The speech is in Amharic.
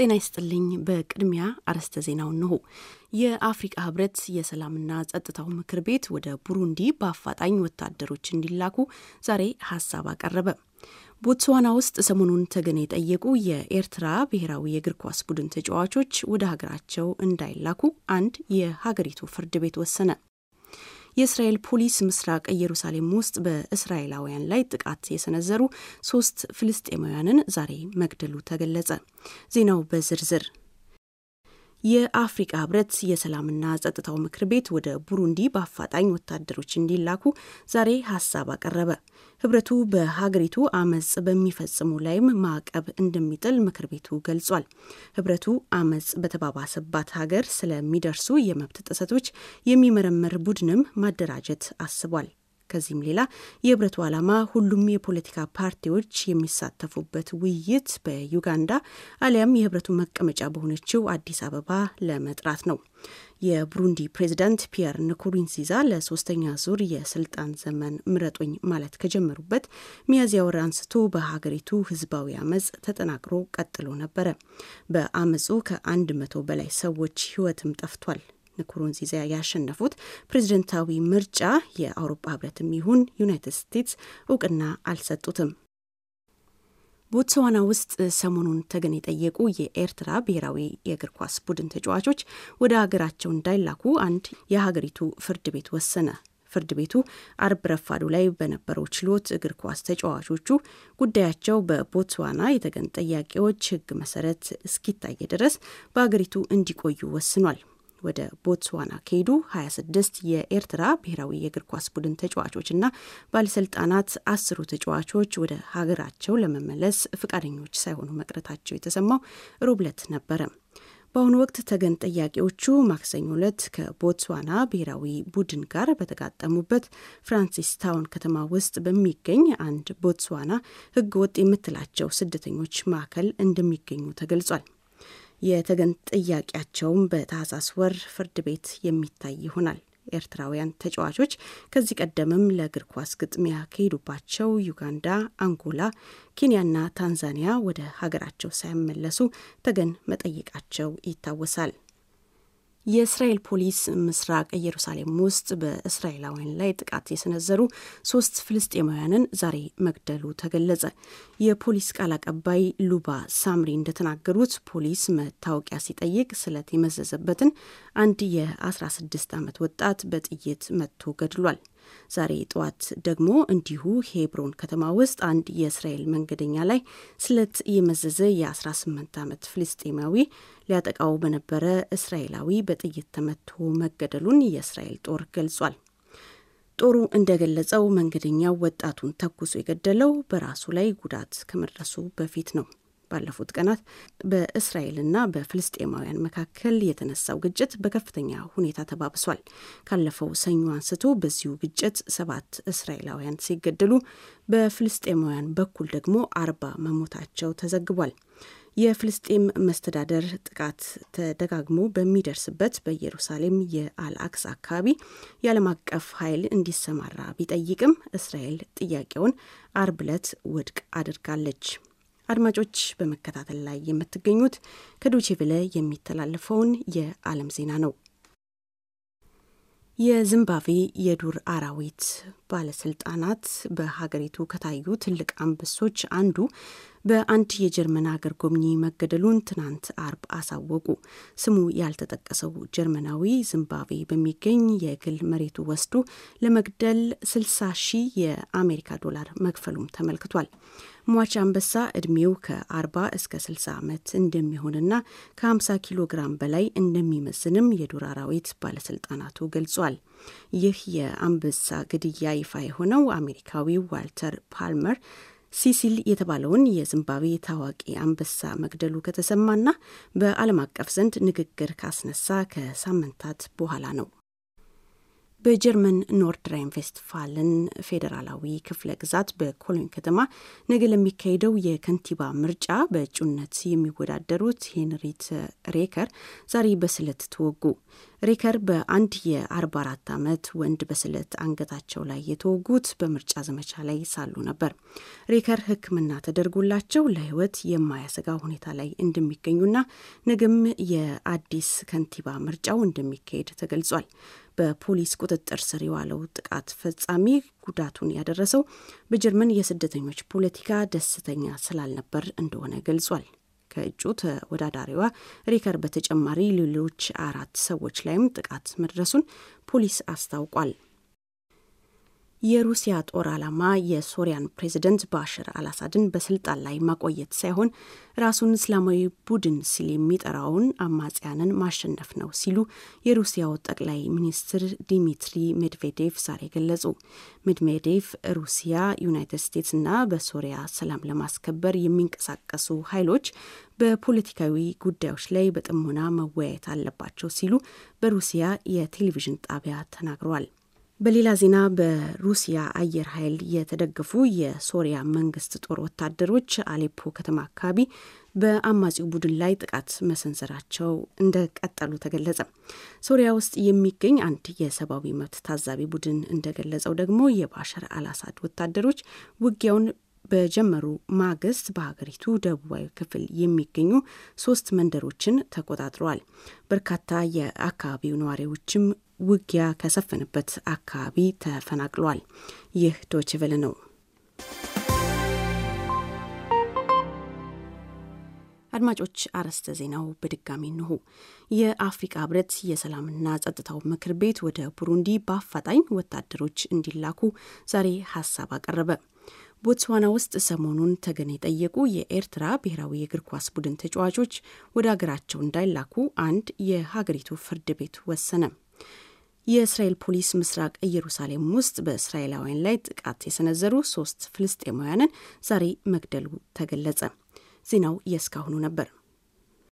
ጤና ይስጥልኝ። በቅድሚያ አርዕስተ ዜናው እንሆ። የአፍሪቃ ህብረት የሰላምና ጸጥታው ምክር ቤት ወደ ቡሩንዲ በአፋጣኝ ወታደሮች እንዲላኩ ዛሬ ሀሳብ አቀረበ። ቦትስዋና ውስጥ ሰሞኑን ተገን የጠየቁ የኤርትራ ብሔራዊ የእግር ኳስ ቡድን ተጫዋቾች ወደ ሀገራቸው እንዳይላኩ አንድ የሀገሪቱ ፍርድ ቤት ወሰነ። የእስራኤል ፖሊስ ምስራቅ ኢየሩሳሌም ውስጥ በእስራኤላውያን ላይ ጥቃት የሰነዘሩ ሶስት ፍልስጤማውያንን ዛሬ መግደሉ ተገለጸ። ዜናው በዝርዝር የአፍሪቃ ህብረት የሰላምና ጸጥታው ምክር ቤት ወደ ቡሩንዲ በአፋጣኝ ወታደሮች እንዲላኩ ዛሬ ሀሳብ አቀረበ። ህብረቱ በሀገሪቱ አመጽ በሚፈጽሙ ላይም ማዕቀብ እንደሚጥል ምክር ቤቱ ገልጿል። ህብረቱ አመጽ በተባባሰባት ሀገር ስለሚደርሱ የመብት ጥሰቶች የሚመረምር ቡድንም ማደራጀት አስቧል። ከዚህም ሌላ የህብረቱ ዓላማ ሁሉም የፖለቲካ ፓርቲዎች የሚሳተፉበት ውይይት በዩጋንዳ አሊያም የህብረቱ መቀመጫ በሆነችው አዲስ አበባ ለመጥራት ነው። የቡሩንዲ ፕሬዚዳንት ፒየር ንኩሩንዚዛ ለሶስተኛ ዙር የስልጣን ዘመን ምረጡኝ ማለት ከጀመሩበት ሚያዝያ ወር አንስቶ በሀገሪቱ ህዝባዊ አመፅ ተጠናክሮ ቀጥሎ ነበረ። በአመፁ ከአንድ መቶ በላይ ሰዎች ህይወትም ጠፍቷል። ንኩሩንዚዛ ያሸነፉት ፕሬዝደንታዊ ምርጫ የአውሮፓ ህብረትም ይሁን ዩናይትድ ስቴትስ እውቅና አልሰጡትም። ቦትስዋና ውስጥ ሰሞኑን ተገን የጠየቁ የኤርትራ ብሔራዊ የእግር ኳስ ቡድን ተጫዋቾች ወደ ሀገራቸው እንዳይላኩ አንድ የሀገሪቱ ፍርድ ቤት ወሰነ። ፍርድ ቤቱ አርብ ረፋዱ ላይ በነበረው ችሎት እግር ኳስ ተጫዋቾቹ ጉዳያቸው በቦትስዋና የተገን ጠያቂዎች ህግ መሰረት እስኪታይ ድረስ በሀገሪቱ እንዲቆዩ ወስኗል። ወደ ቦትስዋና ከሄዱ 26 የኤርትራ ብሔራዊ የእግር ኳስ ቡድን ተጫዋቾችና ባለስልጣናት አስሩ ተጫዋቾች ወደ ሀገራቸው ለመመለስ ፈቃደኞች ሳይሆኑ መቅረታቸው የተሰማው ሩብለት ነበረ። በአሁኑ ወቅት ተገን ጠያቂዎቹ ማክሰኞ ዕለት ከቦትስዋና ብሔራዊ ቡድን ጋር በተጋጠሙበት ፍራንሲስ ታውን ከተማ ውስጥ በሚገኝ አንድ ቦትስዋና ሕገ ወጥ የምትላቸው ስደተኞች ማዕከል እንደሚገኙ ተገልጿል። የተገን ጥያቄያቸውም በታህሳስ ወር ፍርድ ቤት የሚታይ ይሆናል። ኤርትራውያን ተጫዋቾች ከዚህ ቀደምም ለእግር ኳስ ግጥሚያ ከሄዱባቸው ዩጋንዳ፣ አንጎላ፣ ኬንያና ታንዛኒያ ወደ ሀገራቸው ሳይመለሱ ተገን መጠየቃቸው ይታወሳል። የእስራኤል ፖሊስ ምስራቅ ኢየሩሳሌም ውስጥ በእስራኤላውያን ላይ ጥቃት የሰነዘሩ ሶስት ፍልስጤማውያንን ዛሬ መግደሉ ተገለጸ። የፖሊስ ቃል አቀባይ ሉባ ሳምሪ እንደተናገሩት ፖሊስ መታወቂያ ሲጠይቅ ስለት የመዘዘበትን አንድ የ16 ዓመት ወጣት በጥይት መጥቶ ገድሏል። ዛሬ ጠዋት ደግሞ እንዲሁ ሄብሮን ከተማ ውስጥ አንድ የእስራኤል መንገደኛ ላይ ስለት የመዘዘ የ18 ዓመት ፍልስጤማዊ ሊያጠቃው በነበረ እስራኤላዊ በጥይት ተመቶ መገደሉን የእስራኤል ጦር ገልጿል። ጦሩ እንደገለጸው መንገደኛው ወጣቱን ተኩሶ የገደለው በራሱ ላይ ጉዳት ከመድረሱ በፊት ነው። ባለፉት ቀናት በእስራኤልና በፍልስጤማውያን መካከል የተነሳው ግጭት በከፍተኛ ሁኔታ ተባብሷል። ካለፈው ሰኞ አንስቶ በዚሁ ግጭት ሰባት እስራኤላውያን ሲገደሉ በፍልስጤማውያን በኩል ደግሞ አርባ መሞታቸው ተዘግቧል። የፍልስጤም መስተዳደር ጥቃት ተደጋግሞ በሚደርስበት በኢየሩሳሌም የአልአክስ አካባቢ የዓለም አቀፍ ኃይል እንዲሰማራ ቢጠይቅም እስራኤል ጥያቄውን አርብ ዕለት ውድቅ አድርጋለች። አድማጮች በመከታተል ላይ የምትገኙት ከዶቼቬለ የሚተላለፈውን የዓለም ዜና ነው። የዚምባብዌ የዱር አራዊት ባለስልጣናት በሀገሪቱ ከታዩ ትልቅ አንበሶች አንዱ በአንድ የጀርመን ሀገር ጎብኚ መገደሉን ትናንት አርብ አሳወቁ። ስሙ ያልተጠቀሰው ጀርመናዊ ዝምባብዌ በሚገኝ የግል መሬቱ ወስዶ ለመግደል 60 ሺህ የአሜሪካ ዶላር መክፈሉም ተመልክቷል። ሟች አንበሳ እድሜው ከ40 እስከ 60 ዓመት እንደሚሆንና ከ50 ኪሎ ግራም በላይ እንደሚመስንም የዱር አራዊት ባለስልጣናቱ ገልጿል። ይህ የአንበሳ ግድያ ይፋ የሆነው አሜሪካዊው ዋልተር ፓልመር ሲሲል የተባለውን የዝምባብዌ ታዋቂ አንበሳ መግደሉ ከተሰማና በዓለም አቀፍ ዘንድ ንግግር ካስነሳ ከሳምንታት በኋላ ነው። በጀርመን ኖርድ ራይን ቬስትፋልን ፌዴራላዊ ክፍለ ግዛት በኮሎኝ ከተማ ነገ ለሚካሄደው የከንቲባ ምርጫ በእጩነት የሚወዳደሩት ሄንሪት ሬከር ዛሬ በስለት ተወጉ። ሬከር በአንድ የ44 ዓመት ወንድ በስለት አንገታቸው ላይ የተወጉት በምርጫ ዘመቻ ላይ ሳሉ ነበር። ሬከር ሕክምና ተደርጎላቸው ለሕይወት የማያሰጋ ሁኔታ ላይ እንደሚገኙና ነገም የአዲስ ከንቲባ ምርጫው እንደሚካሄድ ተገልጿል። በፖሊስ ቁጥጥር ስር የዋለው ጥቃት ፈጻሚ ጉዳቱን ያደረሰው በጀርመን የስደተኞች ፖለቲካ ደስተኛ ስላልነበር እንደሆነ ገልጿል። ከእጩ ተወዳዳሪዋ ሪከር በተጨማሪ ሌሎች አራት ሰዎች ላይም ጥቃት መድረሱን ፖሊስ አስታውቋል። የሩሲያ ጦር ዓላማ የሶሪያን ፕሬዚደንት ባሽር አልአሳድን በስልጣን ላይ ማቆየት ሳይሆን ራሱን እስላማዊ ቡድን ሲል የሚጠራውን አማጽያንን ማሸነፍ ነው ሲሉ የሩሲያው ጠቅላይ ሚኒስትር ዲሚትሪ ሜድቬዴቭ ዛሬ ገለጹ። ሜድቬዴቭ ሩሲያ፣ ዩናይትድ ስቴትስ እና በሶሪያ ሰላም ለማስከበር የሚንቀሳቀሱ ኃይሎች በፖለቲካዊ ጉዳዮች ላይ በጥሞና መወያየት አለባቸው ሲሉ በሩሲያ የቴሌቪዥን ጣቢያ ተናግረዋል። በሌላ ዜና በሩሲያ አየር ኃይል የተደገፉ የሶሪያ መንግስት ጦር ወታደሮች አሌፖ ከተማ አካባቢ በአማጺው ቡድን ላይ ጥቃት መሰንዘራቸው እንደቀጠሉ ተገለጸ። ሶሪያ ውስጥ የሚገኝ አንድ የሰብአዊ መብት ታዛቢ ቡድን እንደገለጸው ደግሞ የባሻር አልአሳድ ወታደሮች ውጊያውን በጀመሩ ማግስት በሀገሪቱ ደቡባዊ ክፍል የሚገኙ ሶስት መንደሮችን ተቆጣጥረዋል። በርካታ የአካባቢው ነዋሪዎችም ውጊያ ከሰፈነበት አካባቢ ተፈናቅሏል። ይህ ዶችቨል ነው። አድማጮች አርዕስተ ዜናው በድጋሚ እንሆ። የአፍሪካ ህብረት የሰላምና ጸጥታው ምክር ቤት ወደ ቡሩንዲ በአፋጣኝ ወታደሮች እንዲላኩ ዛሬ ሀሳብ አቀረበ። ቦትስዋና ውስጥ ሰሞኑን ተገን የጠየቁ የኤርትራ ብሔራዊ የእግር ኳስ ቡድን ተጫዋቾች ወደ አገራቸው እንዳይላኩ አንድ የሀገሪቱ ፍርድ ቤት ወሰነ። የእስራኤል ፖሊስ ምስራቅ ኢየሩሳሌም ውስጥ በእስራኤላውያን ላይ ጥቃት የሰነዘሩ ሶስት ፍልስጤማውያንን ዛሬ መግደሉ ተገለጸ። ዜናው የእስካሁኑ ነበር።